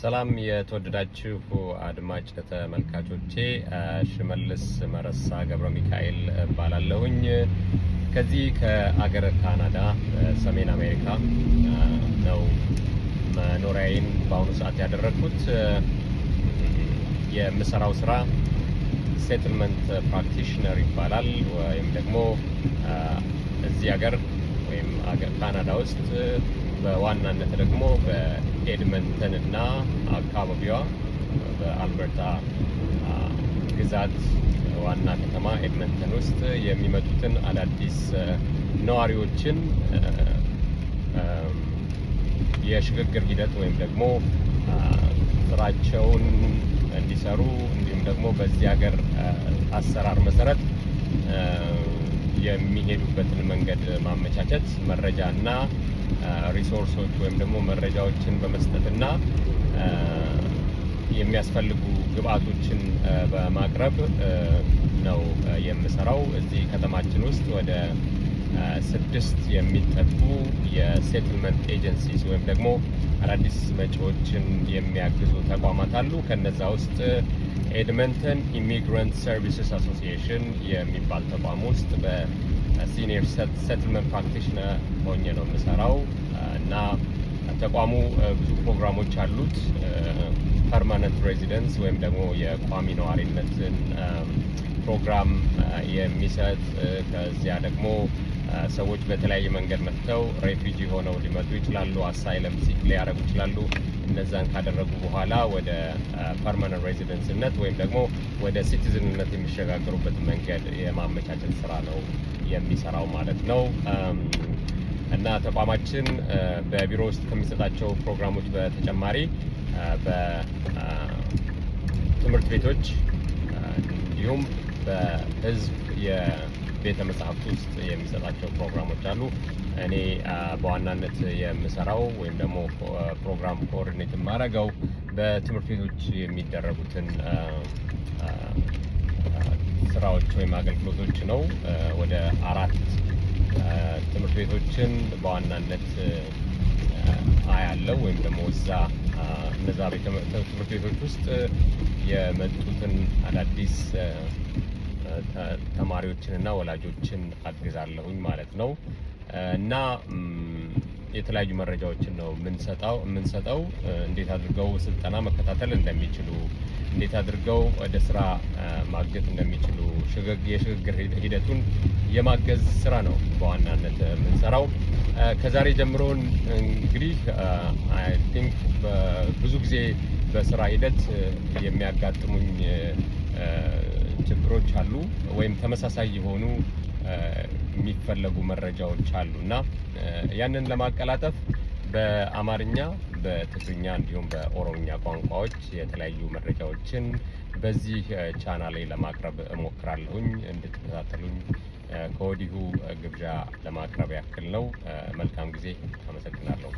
ሰላም የተወደዳችሁ አድማጭ ተመልካቾቼ፣ ሽመልስ መረሳ ገብረ ሚካኤል እባላለሁኝ። ከዚህ ከአገር ካናዳ ሰሜን አሜሪካ ነው መኖሪያዬን በአሁኑ ሰዓት ያደረግኩት። የምሰራው ስራ ሴትልመንት ፕራክቲሽነር ይባላል። ወይም ደግሞ እዚህ ሀገር ወይም ካናዳ ውስጥ በዋናነት ደግሞ ኤድመንተን እና አካባቢዋ በአልበርታ ግዛት ዋና ከተማ ኤድመንተን ውስጥ የሚመጡትን አዳዲስ ነዋሪዎችን የሽግግር ሂደት ወይም ደግሞ ስራቸውን እንዲሰሩ እንዲሁም ደግሞ በዚህ ሀገር አሰራር መሰረት የሚሄዱበትን መንገድ ማመቻቸት መረጃ እና ሪሶርሶች uh, ወይም ደግሞ መረጃዎችን በመስጠትና uh, የሚያስፈልጉ ግብአቶችን uh, በማቅረብ ነው የምሰራው። እዚህ ከተማችን ውስጥ ወደ ስድስት የሚጠጉ የሴትልመንት ኤጀንሲስ ወይም ደግሞ አዳዲስ መጪዎችን የሚያግዙ ተቋማት አሉ። ከነዛ ውስጥ ኤድመንተን ኢሚግራንት ሰርቪስስ አሶሲዬሽን የሚባል ተቋም ውስጥ ሲኒየር ሰትልመንት ፕራክቲሽነር ሆኜ ነው የምሰራው እና ተቋሙ ብዙ ፕሮግራሞች አሉት። ፐርማነንት ሬዚደንስ ወይም ደግሞ የቋሚ ነዋሪነትን ፕሮግራም የሚሰጥ ከዚያ ደግሞ ሰዎች በተለያየ መንገድ መጥተው ሬፊጂ ሆነው ሊመጡ ይችላሉ። አሳይለም ሲክ ሊያደርጉ ይችላሉ። እነዛን ካደረጉ በኋላ ወደ ፐርማነንት ሬዚደንስነት ወይም ደግሞ ወደ ሲቲዝንነት የሚሸጋገሩበት መንገድ የማመቻቸት ስራ ነው የሚሰራው ማለት ነው። እና ተቋማችን በቢሮ ውስጥ ከሚሰጣቸው ፕሮግራሞች በተጨማሪ በትምህርት ቤቶች እንዲሁም በህዝብ ቤተ መጽሐፍት ውስጥ የሚሰጣቸው ፕሮግራሞች አሉ። እኔ በዋናነት የምሰራው ወይም ደግሞ ፕሮግራም ኮኦርዲኔት የማደርገው በትምህርት ቤቶች የሚደረጉትን ስራዎች ወይም አገልግሎቶች ነው። ወደ አራት ትምህርት ቤቶችን በዋናነት አያለው ወይም ደግሞ እዛ እነዛ ትምህርት ቤቶች ውስጥ የመጡትን አዳዲስ ተማሪዎችንና ወላጆችን አግዛለሁኝ ማለት ነው እና የተለያዩ መረጃዎችን ነው የምንሰጠው የምንሰጠው እንዴት አድርገው ስልጠና መከታተል እንደሚችሉ እንዴት አድርገው ወደ ስራ ማገት እንደሚችሉ የሽግግር ሂደቱን የማገዝ ስራ ነው በዋናነት የምንሰራው። ከዛሬ ጀምሮን እንግዲህ አይ ቲንክ ብዙ ጊዜ በስራ ሂደት የሚያጋጥሙኝ ችግሮች አሉ ወይም ተመሳሳይ የሆኑ የሚፈለጉ መረጃዎች አሉ እና ያንን ለማቀላጠፍ በአማርኛ፣ በትግርኛ እንዲሁም በኦሮምኛ ቋንቋዎች የተለያዩ መረጃዎችን በዚህ ቻና ላይ ለማቅረብ እሞክራለሁኝ። እንድትከታተሉኝ ከወዲሁ ግብዣ ለማቅረብ ያክል ነው። መልካም ጊዜ። አመሰግናለሁ።